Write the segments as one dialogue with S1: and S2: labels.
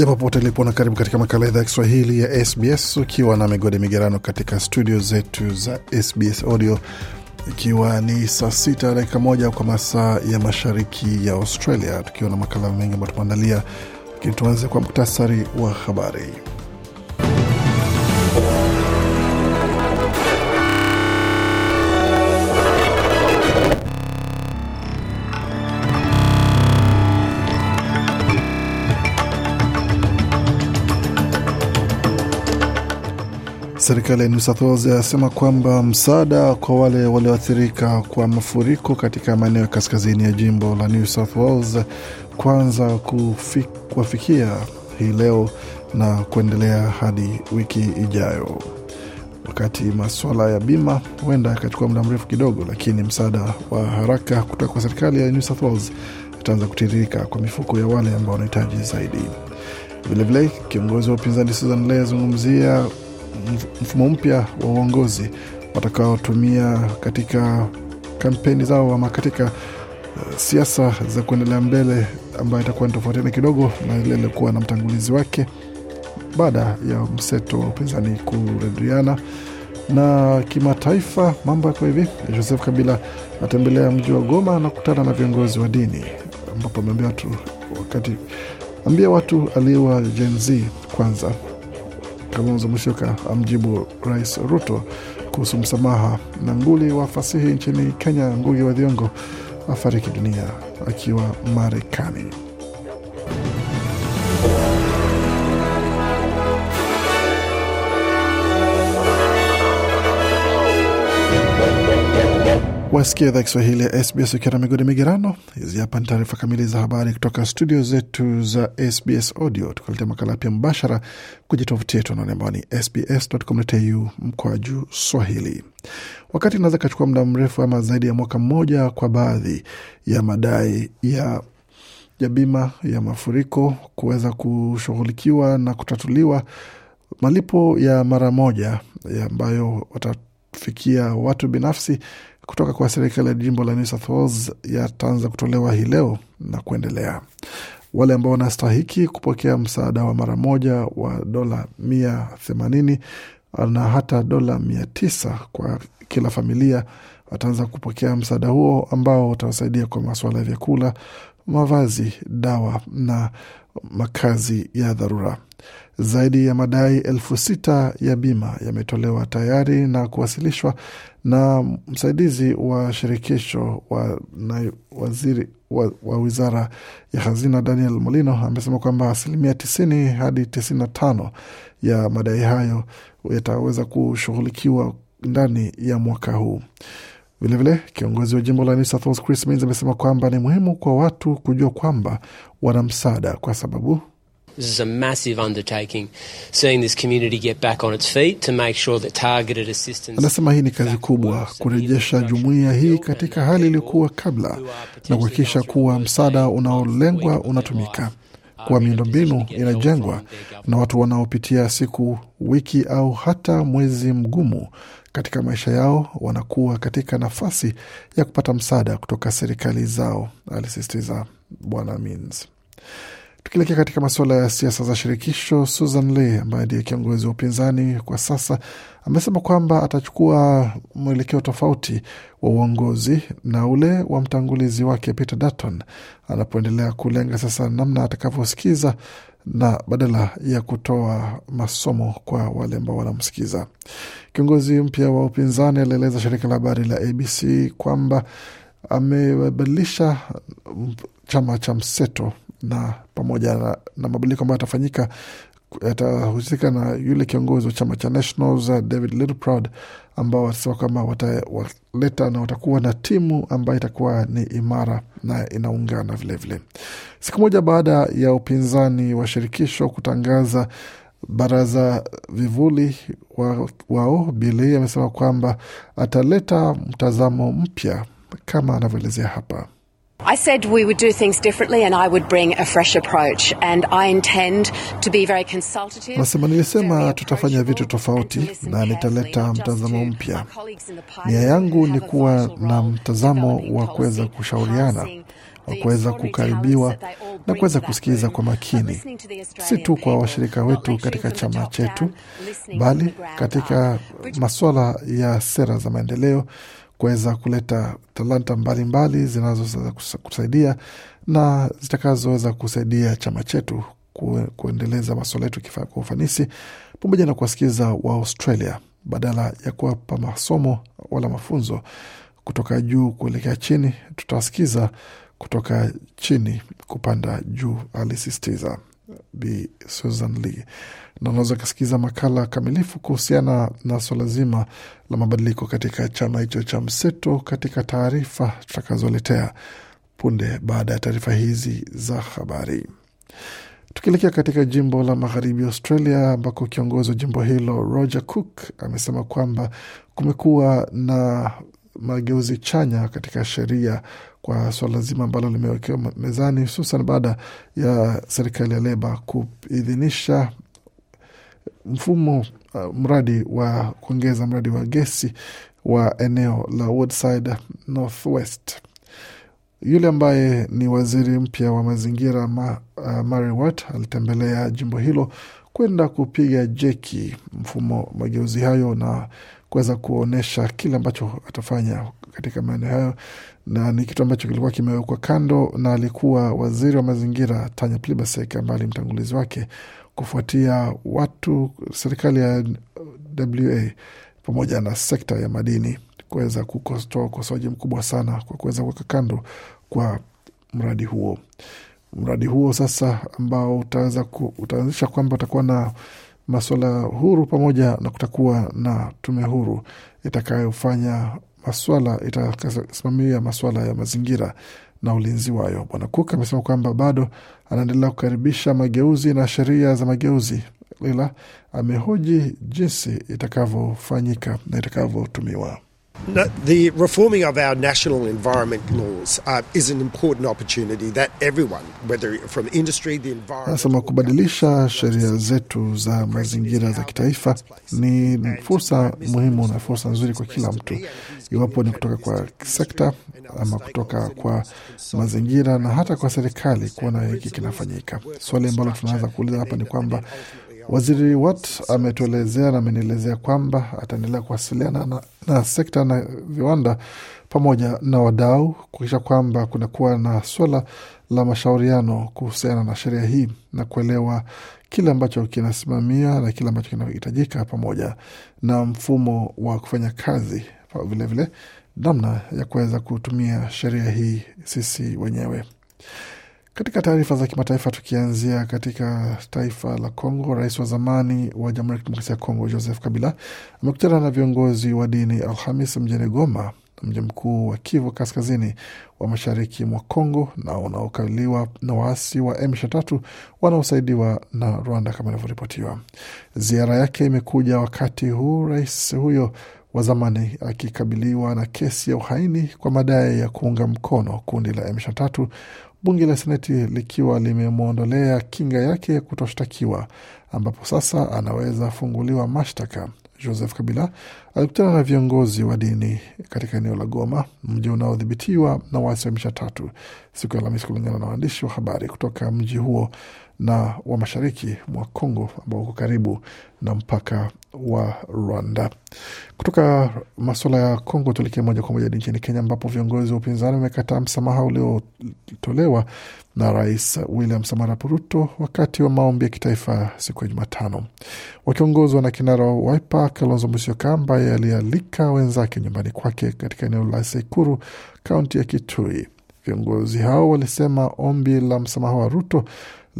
S1: japo popote lipo na karibu katika makala idhaa ya Kiswahili ya SBS ukiwa na migode migerano katika studio zetu za SBS Audio, ikiwa ni saa sita dakika moja kwa masaa ya mashariki ya Australia, tukiwa na makala mengi ambayo tumeandalia, lakini tuanze kwa muktasari wa habari. Serikali ya New South Wales yasema kwamba msaada kwa wale walioathirika kwa mafuriko katika maeneo ya kaskazini ya jimbo la New South Wales kwanza kuwafikia hii leo na kuendelea hadi wiki ijayo, wakati masuala ya bima huenda yakachukua muda mrefu kidogo, lakini msaada wa haraka kutoka kwa serikali ya New South Wales itaanza kutiririka kwa mifuko ya wale ambao wanahitaji zaidi. Vilevile, kiongozi wa upinzani Susan Ley azungumzia mfumo mpya wa uongozi watakaotumia katika kampeni zao ama katika uh, siasa za kuendelea mbele, ambayo itakuwa ni tofautiana kidogo na ile iliokuwa na mtangulizi wake baada ya mseto wa upinzani kurediana Na kimataifa mambo yako hivi, Joseph Kabila atembelea mji wa Goma na kutana na viongozi wa dini, ambapo ameambia watu wakati ambia watu aliwa Gen kwanza Kalonzo Musyoka amjibu Rais Ruto kuhusu msamaha, na nguli wa fasihi nchini Kenya Ngugi wa Thiong'o afariki dunia akiwa Marekani. Wasikia idhaa Kiswahili ya SBS ukiwa na migodi migerano. Hizi hapa ni taarifa kamili za habari kutoka studio zetu za SBS Audio, tukaletea makala pia mbashara kwenye tovuti yetu anaone ambao ni sbs.com.au mkoa juu swahili. Wakati inaweza kachukua muda mrefu ama zaidi ya mwaka mmoja kwa baadhi ya madai ya ya bima ya mafuriko kuweza kushughulikiwa na kutatuliwa, malipo ya mara moja ambayo watafikia watu binafsi kutoka kwa serikali ya jimbo la New South Wales yataanza kutolewa hii leo na kuendelea. Wale ambao wanastahiki kupokea msaada wa mara moja wa dola mia themanini na hata dola mia tisa kwa kila familia. Wataanza kupokea msaada huo ambao utawasaidia kwa masuala ya vyakula, mavazi, dawa na makazi ya dharura. Zaidi ya madai elfu sita ya bima yametolewa tayari na kuwasilishwa na msaidizi wa shirikisho wa, na waziri wa, wa wizara ya hazina Daniel Molino amesema kwamba asilimia tisini hadi tisini na tano ya madai hayo yataweza kushughulikiwa ndani ya mwaka huu. Vilevile, kiongozi wa jimbo la New South Wales Chris Minns amesema kwamba ni muhimu kwa watu kujua kwamba wana msaada kwa sababu Anasema hii ni kazi kubwa kurejesha jumuiya hii katika hali iliyokuwa kabla na kuhakikisha kuwa msaada unaolengwa unatumika kuwa miundombinu inajengwa na watu wanaopitia siku, wiki au hata mwezi mgumu katika maisha yao wanakuwa katika nafasi ya kupata msaada kutoka serikali zao, alisisitiza Bwana Means. Tukielekea katika masuala ya siasa za shirikisho, Susan Lee ambaye ndiye kiongozi wa upinzani kwa sasa amesema kwamba atachukua mwelekeo tofauti wa uongozi na ule wa mtangulizi wake Peter Dutton anapoendelea kulenga sasa namna atakavyosikiza na badala ya kutoa masomo kwa wale ambao wanamsikiza. Kiongozi mpya wa upinzani alieleza shirika la habari la ABC kwamba amebadilisha chama cha mseto na pamoja na, na mabadiliko ambayo yatafanyika yatahusika na yule kiongozi wa chama cha Nationals David Littleproud ambao watasema kwamba wataleta na watakuwa na timu ambayo itakuwa ni imara na inaungana vilevile Siku moja baada ya upinzani wa shirikisho kutangaza baraza vivuli wa, wao Bilei amesema kwamba ataleta mtazamo mpya kama anavyoelezea hapa. I said we would do things differently and I would bring a fresh approach and I intend to be very consultative. Nasema nilisema tutafanya vitu tofauti na nitaleta mtazamo mpya. Nia yangu ni kuwa na mtazamo wa kuweza kushauriana wa kuweza kukaribiwa na kuweza kusikiliza kwa makini, si tu kwa washirika wetu katika chama chetu, bali katika masuala ya sera za maendeleo kuweza kuleta talanta mbalimbali zinazoweza kusaidia na zitakazoweza kusaidia chama chetu kuendeleza masuala yetu kwa ufanisi, pamoja na kuwasikiza wa Australia badala ya kuwapa masomo wala mafunzo kutoka juu kuelekea chini, tutawasikiza kutoka chini kupanda juu, alisisitiza. Bi Susan Lee, na unaweza kasikiza makala kamilifu kuhusiana na swala zima la mabadiliko katika chama hicho cha mseto katika taarifa tutakazoletea punde baada ya taarifa hizi za habari. Tukielekea katika jimbo la magharibi Australia, ambako kiongozi wa jimbo hilo Roger Cook amesema kwamba kumekuwa na mageuzi chanya katika sheria kwa swala so zima ambalo limewekewa mezani, hususan baada ya serikali ya Leba kuidhinisha mfumo uh, mradi wa kuongeza mradi wa gesi wa eneo la Woodside Northwest. Yule ambaye ni waziri mpya wa mazingira ma, uh, Mary Watt alitembelea jimbo hilo kwenda kupiga jeki mfumo mageuzi hayo na kuweza kuonyesha kile ambacho atafanya katika maeneo hayo na ni kitu ambacho kilikuwa kimewekwa kando na alikuwa waziri wa mazingira Tanya Plibersek ambaye mtangulizi wake kufuatia watu serikali ya WA pamoja na sekta ya madini kuweza kutoa ukosoaji mkubwa sana kwa kuweza kuweka kando kwa mradi huo. Mradi huo sasa ambao utaweza utaanzisha kwamba utakuwa na masuala huru pamoja na kutakuwa na tume huru itakayofanya maswala itakasimamia maswala ya mazingira na ulinzi wayo. Bwana Cook amesema kwamba bado anaendelea kukaribisha mageuzi na sheria za mageuzi, ila amehoji jinsi itakavyofanyika na itakavyotumiwa. No, the reforming of our national environment laws uh, is an important opportunity that everyone, whether from industry, the environment. Anasema kubadilisha sheria zetu za mazingira za kitaifa ni fursa muhimu na fursa nzuri kwa kila mtu, iwapo ni kutoka kwa sekta ama kutoka kwa mazingira na hata kwa serikali kuona hiki kinafanyika. Swali ambalo tunaweza kuuliza hapa ni kwamba Waziri Watt ametuelezea na amenielezea kwamba ataendelea kuwasiliana na, na sekta na viwanda pamoja na wadau kuhakikisha kwamba kunakuwa na swala la mashauriano kuhusiana na sheria hii na kuelewa kile ambacho kinasimamia na kile ambacho kinahitajika pamoja na mfumo wa kufanya kazi vilevile vile, namna ya kuweza kutumia sheria hii sisi wenyewe. Katika taarifa za kimataifa, tukianzia katika taifa la Kongo, rais wa zamani wa Jamhuri ya Kidemokrasia ya Kongo Joseph Kabila amekutana na viongozi wa dini Alhamis mjini Goma, mji mkuu wa Kivu kaskazini wa mashariki mwa Kongo na unaokaliwa na waasi wa M23 wanaosaidiwa na Rwanda kama inavyoripotiwa. Ziara yake imekuja wakati huu rais huyo wa zamani akikabiliwa na kesi ya uhaini kwa madai ya kuunga mkono kundi la M23 bunge la Seneti likiwa limemwondolea kinga yake ya kutoshtakiwa ambapo sasa anaweza funguliwa mashtaka. Joseph Kabila alikutana na viongozi wa dini katika eneo la Goma, mji unaodhibitiwa na waasi wa misha tatu siku ya Alhamisi, kulingana na waandishi wa habari kutoka mji huo na wa mashariki mwa Congo ambao uko karibu na mpaka wa Rwanda. Kutoka masuala ya Congo, tuelekee moja kwa moja nchini Kenya, ambapo viongozi wa upinzani wamekataa msamaha uliotolewa na Rais William Samoei Ruto wakati wa maombi ya kitaifa siku ya Jumatano, wakiongozwa na kinara wa Wiper Kalonzo Musyoka ambaye alialika wenzake nyumbani kwake katika eneo la Sekuru, kaunti ya Kitui. Viongozi hao walisema ombi la msamaha wa Ruto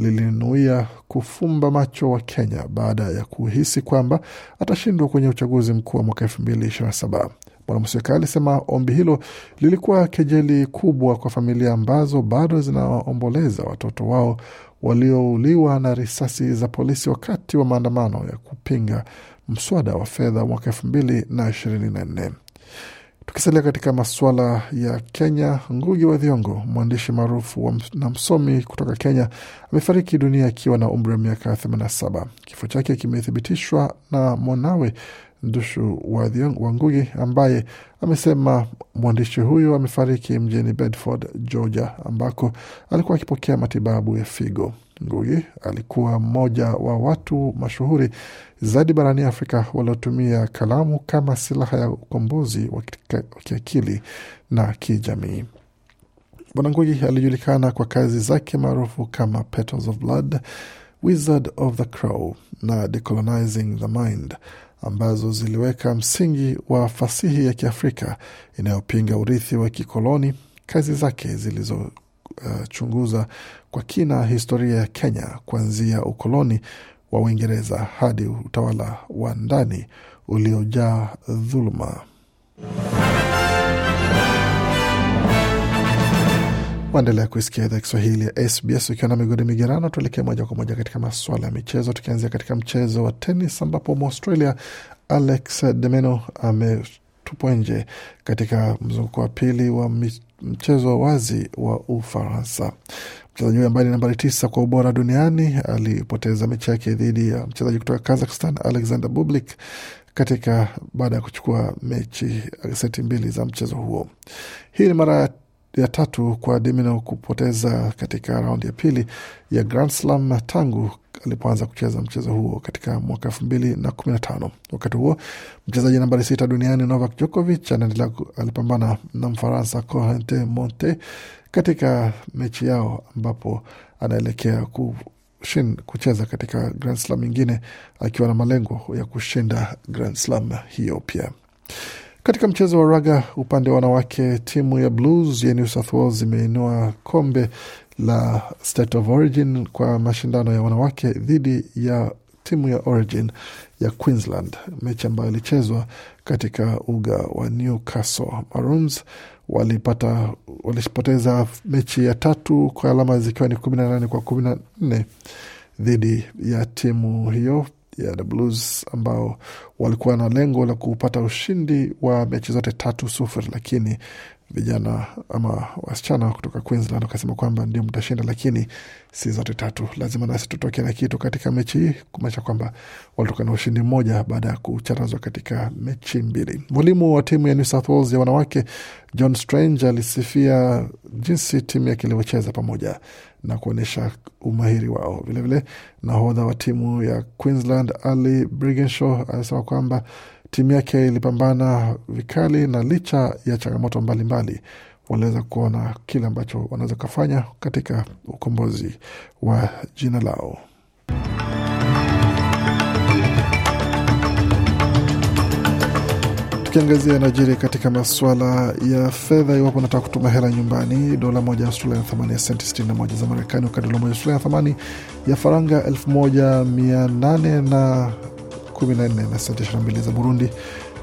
S1: lilinuia kufumba macho wa Kenya baada ya kuhisi kwamba atashindwa kwenye uchaguzi mkuu wa mwaka saba. Bwana Musyoka alisema ombi hilo lilikuwa kejeli kubwa kwa familia ambazo bado zinaomboleza watoto wao waliouliwa na risasi za polisi wakati wa maandamano ya kupinga mswada wa fedha mwaka elfu mbili na ishirini na nne. Tukisalia katika masuala ya Kenya, Ngugi wa Thiong'o, mwandishi maarufu na msomi kutoka Kenya, amefariki dunia akiwa na umri wa miaka 87. Kifo chake kimethibitishwa na mwanawe Ndushu wa Ngugi ambaye amesema mwandishi huyo amefariki mjini Bedford, Georgia, ambako alikuwa akipokea matibabu ya figo. Ngugi alikuwa mmoja wa watu mashuhuri zaidi barani Afrika waliotumia kalamu kama silaha ya ukombozi wa kiakili na kijamii. Bwana Ngugi alijulikana kwa kazi zake maarufu kama Petals of Blood, Wizard of the Crow na Decolonizing the Mind ambazo ziliweka msingi wa fasihi ya Kiafrika inayopinga urithi wa kikoloni. Kazi zake zilizo kuchunguza kwa kina historia ya Kenya kuanzia ukoloni wa Uingereza hadi utawala wa ndani uliojaa dhuluma. Waendelea kuisikia idhaa Kiswahili ya SBS ukiwa na migodi migerano. Tuelekee moja kwa moja katika masuala ya michezo, tukianzia katika mchezo wa tenis ambapo Mwaustralia Alex Demeno ame kutupwa nje katika mzunguko wa pili wa mchezo wa wazi wa Ufaransa. Mchezaji huyo ambaye ni nambari tisa kwa ubora duniani alipoteza mechi yake dhidi ya mchezaji kutoka Kazakhstan Alexander Bublik katika baada ya kuchukua mechi seti mbili za mchezo huo. Hii ni mara ya ya tatu kwa dimino kupoteza katika raundi ya pili ya Grand Slam tangu alipoanza kucheza mchezo huo katika mwaka elfu mbili na kumi na tano. Wakati huo mchezaji nambari sita duniani Novak Djokovic anaendelea alipambana na Mfaransa corente Monte katika mechi yao ambapo anaelekea ku Shin kucheza katika Grand Slam nyingine akiwa na malengo ya kushinda Grand Slam hiyo pia. Katika mchezo wa raga upande wa wanawake, timu ya Blues ya New South Wales imeinua kombe la State of Origin kwa mashindano ya wanawake dhidi ya timu ya Origin ya Queensland, mechi ambayo ilichezwa katika uga wa Newcastle. Maroons walipata walipoteza mechi ya tatu kwa alama zikiwa ni kumi na nane kwa kumi na nne dhidi ya timu hiyo ya The Blues ambao walikuwa na lengo la kupata ushindi wa mechi zote tatu sufuri, lakini vijana ama wasichana kutoka Queensland wakasema kwamba ndio mtashinda, lakini si zote tatu, lazima nasi tutoke na kitu katika mechi hii, kumaanisha kwamba walitoka na ushindi mmoja baada ya kucharazwa katika mechi mbili. Mwalimu wa timu ya New South Wales ya wanawake John Strange alisifia jinsi timu yake ilivyocheza pamoja na kuonyesha umahiri wao. Vilevile nahodha wa timu ya Queensland Ali Brigenshaw alisema kwamba timu yake ilipambana vikali na licha ya changamoto mbalimbali waliweza kuona kile ambacho wanaweza kufanya katika ukombozi wa jina lao. Tukiangazia najiri katika masuala ya fedha, iwapo unataka kutuma hela nyumbani, dola moja ya Australia na thamani ya senti 61 za Marekani, wakati dola moja ya Australia na thamani ya faranga 1800 na 14 na senti 22 za Burundi.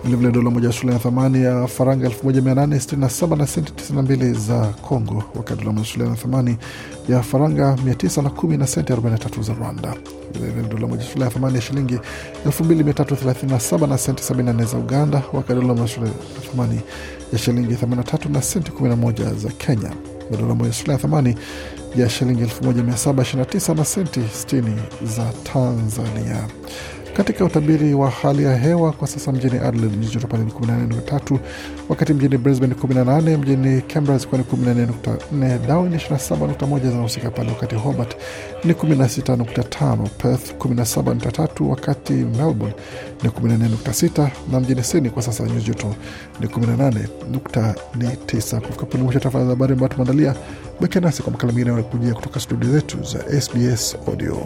S1: Vilevile dola moja shule na thamani ya faranga 1867 na senti 92 za Congo, wakati dola moja shule na thamani ya faranga 910 na senti 43 za Rwanda. Vilevile dola moja shule na thamani ya shilingi 2337 na senti 74 za Uganda, wakati dola moja shule na thamani ya shilingi 83 na senti 11 za Kenya na dola moja shule na thamani ya shilingi 1729 na senti 60 za Tanzania. Katika utabiri wa hali ya hewa kwa sasa, mjini Adelaide nyuzi joto pale ni 14.3, wakati mjini Brisbane 18, mjini Canberra zikiwa ni 14.4, Darwin 27.1 zinahusika pale, wakati Hobart ni 16.5, Perth 17.3, wakati Melbourne ni 14.6, na mjini Sydney kwa sasa nyuzi joto ni 18.9. Kufika pale mwisho tafadhali, habari ambayo tumeandalia. Bakia nasi kwa makala mengine yanakujia kutoka studio zetu za SBS Audio.